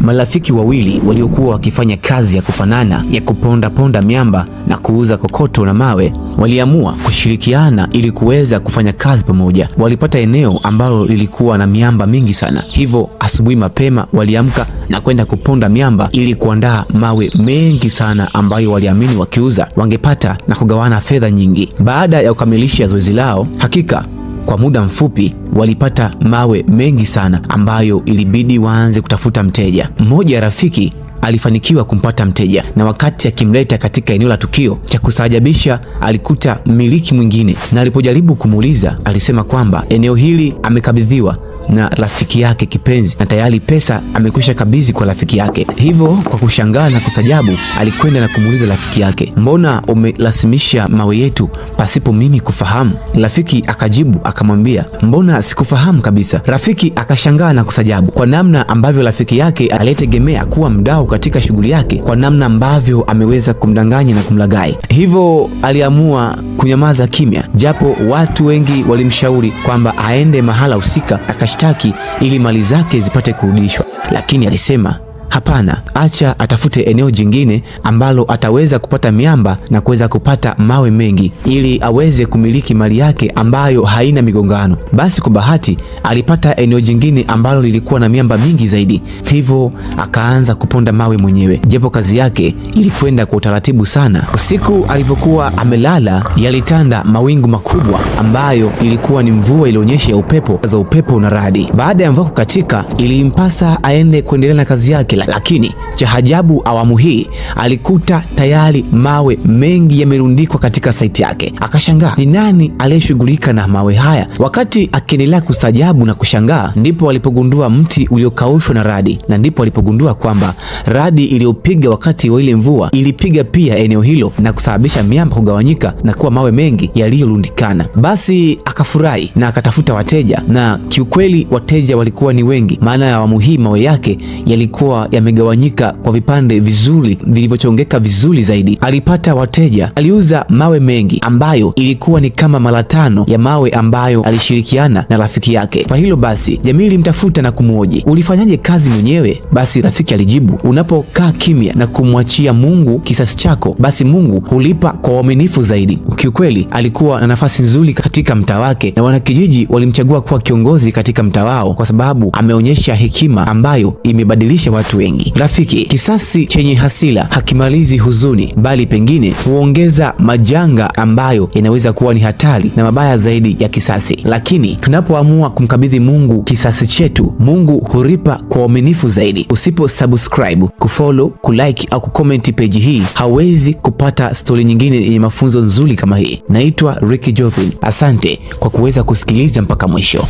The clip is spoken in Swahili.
Marafiki wawili waliokuwa wakifanya kazi ya kufanana ya kupondaponda miamba na kuuza kokoto na mawe waliamua kushirikiana ili kuweza kufanya kazi pamoja. Walipata eneo ambalo lilikuwa na miamba mingi sana, hivyo asubuhi mapema waliamka na kwenda kuponda miamba ili kuandaa mawe mengi sana ambayo waliamini wakiuza wangepata na kugawana fedha nyingi. Baada ya kukamilisha zoezi lao, hakika kwa muda mfupi walipata mawe mengi sana, ambayo ilibidi waanze kutafuta mteja. Mmoja ya rafiki alifanikiwa kumpata mteja, na wakati akimleta katika eneo la tukio, cha kusajabisha alikuta mmiliki mwingine, na alipojaribu kumuuliza alisema kwamba eneo hili amekabidhiwa na rafiki yake kipenzi, na tayari pesa amekwisha kabidhi kwa rafiki yake. Hivyo kwa kushangaa na kusajabu alikwenda na kumuuliza rafiki yake, mbona umelasimisha mawe yetu pasipo mimi kufahamu? Rafiki akajibu akamwambia, mbona sikufahamu kabisa. Rafiki akashangaa na kusajabu kwa namna ambavyo rafiki yake aliyetegemea kuwa mdau katika shughuli yake, kwa namna ambavyo ameweza kumdanganya na kumlagai hivyo aliamua kunyamaza kimya, japo watu wengi walimshauri kwamba aende mahala husika akash alishtaki ili mali zake zipate kurudishwa, lakini alisema Hapana, acha atafute eneo jingine ambalo ataweza kupata miamba na kuweza kupata mawe mengi ili aweze kumiliki mali yake ambayo haina migongano. Basi kwa bahati alipata eneo jingine ambalo lilikuwa na miamba mingi zaidi, hivyo akaanza kuponda mawe mwenyewe, japo kazi yake ilikwenda kwa utaratibu sana. Usiku alivyokuwa amelala, yalitanda mawingu makubwa ambayo ilikuwa ni mvua ilionyesha ya upepo za upepo na radi. Baada ya mvua kukatika, ilimpasa aende kuendelea na kazi yake lakini cha ajabu awamu hii alikuta tayari mawe mengi yamerundikwa katika saiti yake. Akashangaa ni nani aliyeshughulika na mawe haya. Wakati akiendelea kustajabu na kushangaa, ndipo alipogundua mti uliokaushwa na radi, na ndipo alipogundua kwamba radi iliyopiga wakati wa ile mvua ilipiga pia eneo hilo na kusababisha miamba kugawanyika na kuwa mawe mengi yaliyorundikana. Basi akafurahi na akatafuta wateja, na kiukweli wateja walikuwa ni wengi, maana ya awamu hii mawe yake yalikuwa yamegawanyika kwa vipande vizuri vilivyochongeka vizuri zaidi. Alipata wateja, aliuza mawe mengi ambayo ilikuwa ni kama mara tano ya mawe ambayo alishirikiana na rafiki yake. Kwa hilo basi, jamii ilimtafuta na kumwoji ulifanyaje kazi mwenyewe? Basi rafiki alijibu, unapokaa kimya na kumwachia Mungu kisasi chako, basi Mungu hulipa kwa uaminifu zaidi. Kiukweli alikuwa na nafasi nzuri katika mtaa wake na wanakijiji walimchagua kuwa kiongozi katika mtaa wao kwa sababu ameonyesha hekima ambayo imebadilisha watu wengi. Rafiki, kisasi chenye hasira hakimalizi huzuni, bali pengine huongeza majanga ambayo yanaweza kuwa ni hatari na mabaya zaidi ya kisasi. Lakini tunapoamua kumkabidhi Mungu kisasi chetu, Mungu huripa kwa uaminifu zaidi. Usipo subscribe, kufollow, kulike au kucomment page hii, hawezi kupata stori nyingine yenye mafunzo nzuri kama hii. Naitwa Ricky Jovin, asante kwa kuweza kusikiliza mpaka mwisho.